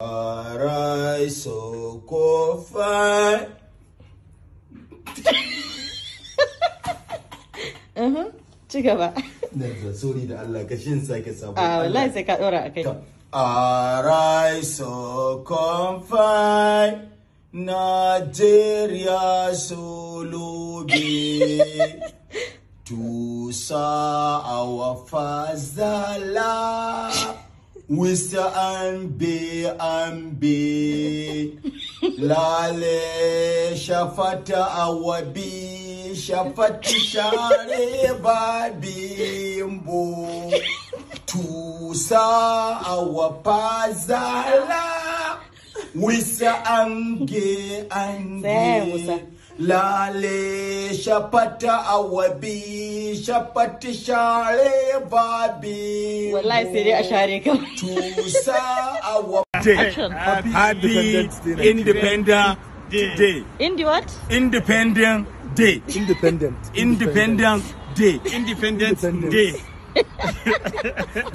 Arise, O Kofi. Uh-huh. Ci gaba. Nan sori da Allah ka shin sake sabo. A ah, wallahi sai ka dora a kai. Arise, O Kofi. Nigeria Solubi. to our fatherland. Wista ambe ambe lale shafata awabi shafati bi babimbo tusa awapazala wisa ange ange Lale shafata awabi shafati share babi wallahi sai dai a share ka tusa awabi happy independent day indi what independent day independent independent day independent day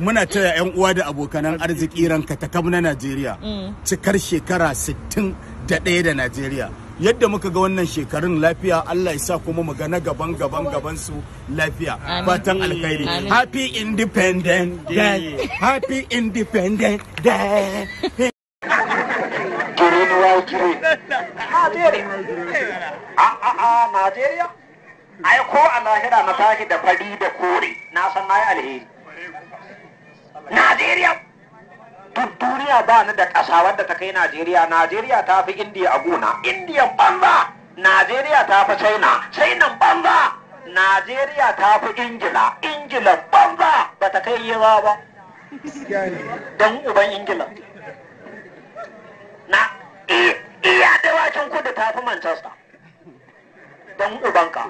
muna taya 'yan uwa da abokanan arziki ranka ta na Najeriya mm. cikar shekara 61 da Najeriya yadda muka ga wannan shekarun lafiya Allah ya sa kuma mu gana gaban gaban gaban su lafiya fatan alkhairi happy independent day happy independent day green white green a a a nigeria ai ko a lahira na tashi da fari da kore na san nayi alheri nigeria. duniya ba ni da ƙasa wadda ta kai Najeriya Najeriya ta fi Indiya a gona Indiya banza Najeriya ta fi China China banza Najeriya ta fi Ingila Ingila banza ba ta kai yawa ba don uban Ingila na iya dawakin kudu ta fi Manchester don ubanka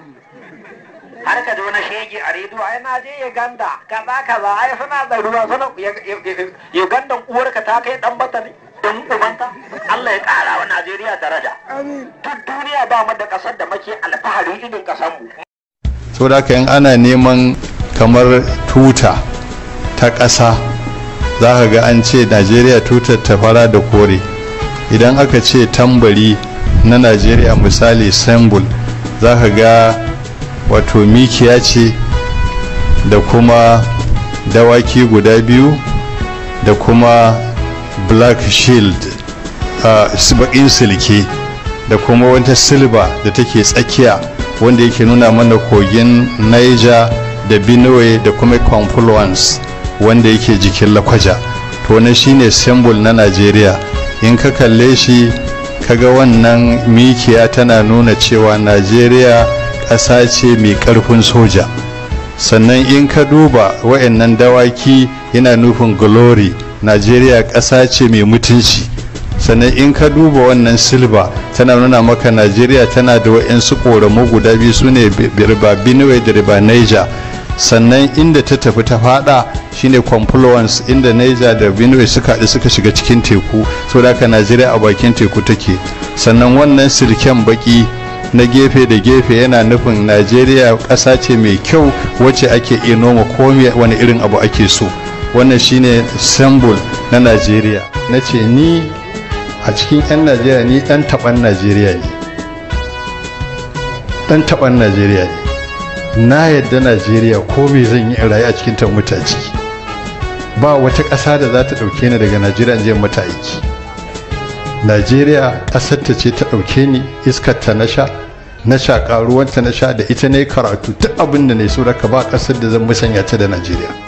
har ka na shege a rediyo ai na je Uganda kaza kaza ai suna da ruwa suna Uganda ka ta kai dan bata ne dan ubanta Allah ya kara wa Najeriya daraja amin duk duniya ba mu da kasar da muke alfahari irin kasar mu to da kan ana neman kamar tuta ta ƙasa za ka ga an ce Najeriya tutar ta fara da kore idan aka ce tambari na Najeriya misali symbol za ka ga wato mikiya ce da kuma dawaki guda biyu da kuma black shield uh, ah, bakin silke da kuma wata silba da take tsakiya wanda yake nuna mana kogin niger da benue da kuma confluence wanda yake jikin lakwaja to na shine symbol na nigeria in ka kalle shi kaga wannan mikiya tana nuna cewa nigeria ƙasa ce mai ƙarfin soja sannan in ka duba wa'annan dawaki yana nufin glory najeriya ƙasa ce mai mutunci sannan in ka duba wannan silba tana nuna maka najeriya tana da wa'insu ƙoramu guda biyu su ne Birba benue da riba niger sannan inda ta tafi ta fada shine confluence inda niger da benue suka haɗu suka shiga cikin teku saboda haka najeriya a bakin teku take sannan wannan silken baki na gefe da gefe yana nufin najeriya ƙasa ce mai kyau wacce ake iya noma komi wani irin abu ake so wannan shine symbol na najeriya na ce ni a cikin 'yan najeriya ni ɗan taɓan najeriya ne ɗan taɓan najeriya ne na yadda najeriya komi zan yi rayu a cikin ta mutaci ba wata ƙasa da za ta ɗauke ni daga najeriya je mata aiki najeriya ƙasar ta ce ta ɗauke ni ta na sha na sha ƙaruwanta na sha da ita ne karatu duk abin da ne so ka ba ƙasar da zan musanya ta da najeriya